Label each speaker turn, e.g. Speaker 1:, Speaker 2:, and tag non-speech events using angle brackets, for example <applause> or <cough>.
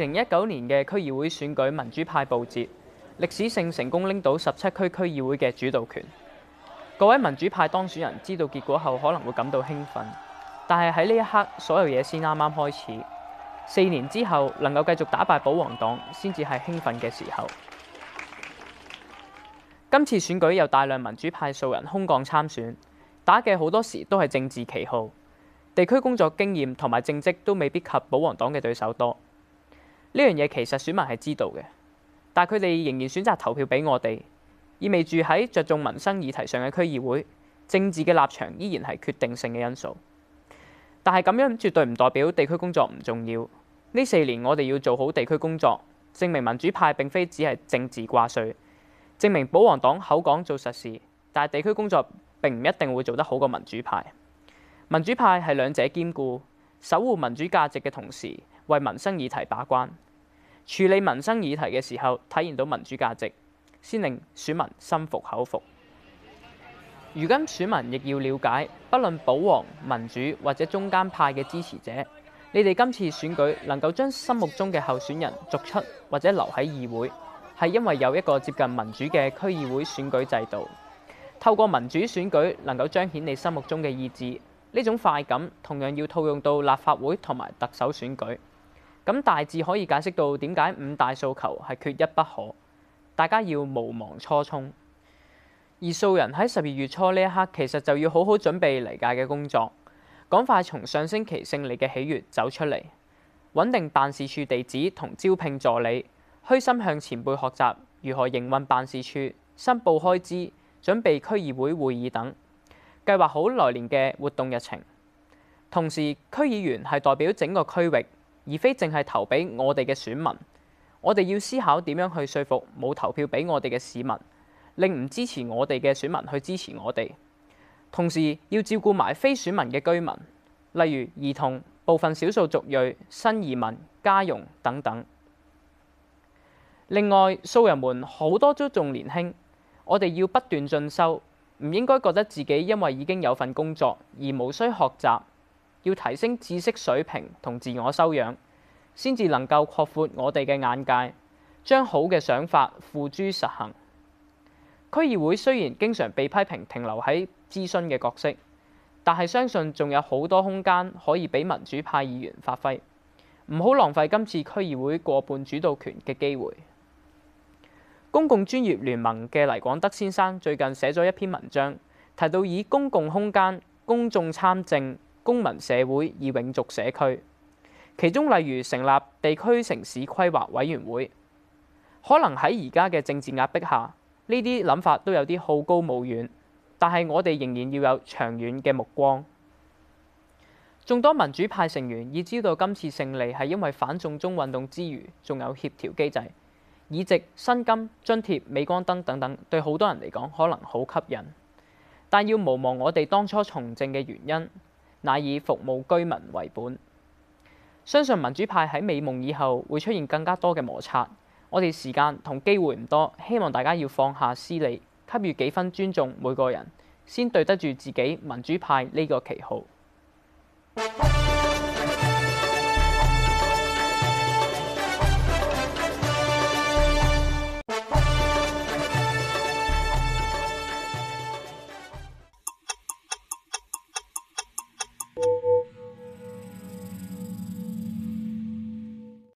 Speaker 1: 二零一九年嘅區議會選舉，民主派報捷，歷史性成功拎到十七區區議會嘅主導權。各位民主派當選人知道結果後，可能會感到興奮，但係喺呢一刻，所有嘢先啱啱開始。四年之後，能夠繼續打敗保皇黨，先至係興奮嘅時候。今次選舉有大量民主派素人空降參選，打嘅好多時都係政治旗號，地區工作經驗同埋政績都未必及保皇黨嘅對手多。呢樣嘢其實選民係知道嘅，但係佢哋仍然選擇投票俾我哋，意味住喺着重民生議題上嘅區議會，政治嘅立場依然係決定性嘅因素。但係咁樣絕對唔代表地區工作唔重要。呢四年我哋要做好地區工作，證明民主派並非只係政治掛帥，證明保皇黨口講做實事，但係地區工作並唔一定會做得好過民主派。民主派係兩者兼顧，守護民主價值嘅同時，為民生議題把關，處理民生議題嘅時候，體現到民主價值，先令選民心服口服。如今選民亦要了解，不論保皇民主或者中間派嘅支持者，你哋今次選舉能夠將心目中嘅候選人逐出或者留喺議會，係因為有一個接近民主嘅區議會選舉制度。透過民主選舉能夠彰顯你心目中嘅意志，呢種快感同樣要套用到立法會同埋特首選舉。咁大致可以解釋到點解五大訴求係缺一不可，大家要無忘初衷，而素人喺十二月初呢一刻，其實就要好好準備離界嘅工作，趕快從上星期勝利嘅喜悅走出嚟，穩定辦事處地址同招聘助理，虛心向前輩學習如何營運辦事處、申報開支、準備區議會會議等，計劃好來年嘅活動日程。同時，區議員係代表整個區域。而非淨係投俾我哋嘅選民，我哋要思考點樣去説服冇投票俾我哋嘅市民，令唔支持我哋嘅選民去支持我哋，同時要照顧埋非選民嘅居民，例如兒童、部分少數族裔、新移民、家佣等等。另外，素人們好多都仲年輕，我哋要不斷進修，唔應該覺得自己因為已經有份工作而無需學習。要提升知識水平同自我修養，先至能夠擴闊我哋嘅眼界，將好嘅想法付諸實行。區議會雖然經常被批評停留喺諮詢嘅角色，但係相信仲有好多空間可以俾民主派議員發揮，唔好浪費今次區議會過半主導權嘅機會。公共專業聯盟嘅黎廣德先生最近寫咗一篇文章，提到以公共空間、公眾參政。公民社會以永續社區，其中例如成立地區城市規劃委員會，可能喺而家嘅政治壓迫下，呢啲諗法都有啲好高騖遠。但係我哋仍然要有長遠嘅目光。眾多民主派成員已知道今次勝利係因為反送中運動之餘，仲有協調機制，議席薪金津貼、鎂光燈等等，對好多人嚟講可能好吸引。但要無忘我哋當初從政嘅原因。乃以服務居民為本，相信民主派喺美夢以後會出現更加多嘅摩擦。我哋時間同機會唔多，希望大家要放下私利，給予幾分尊重，每個人先對得住自己民主派呢個旗號。 <noise>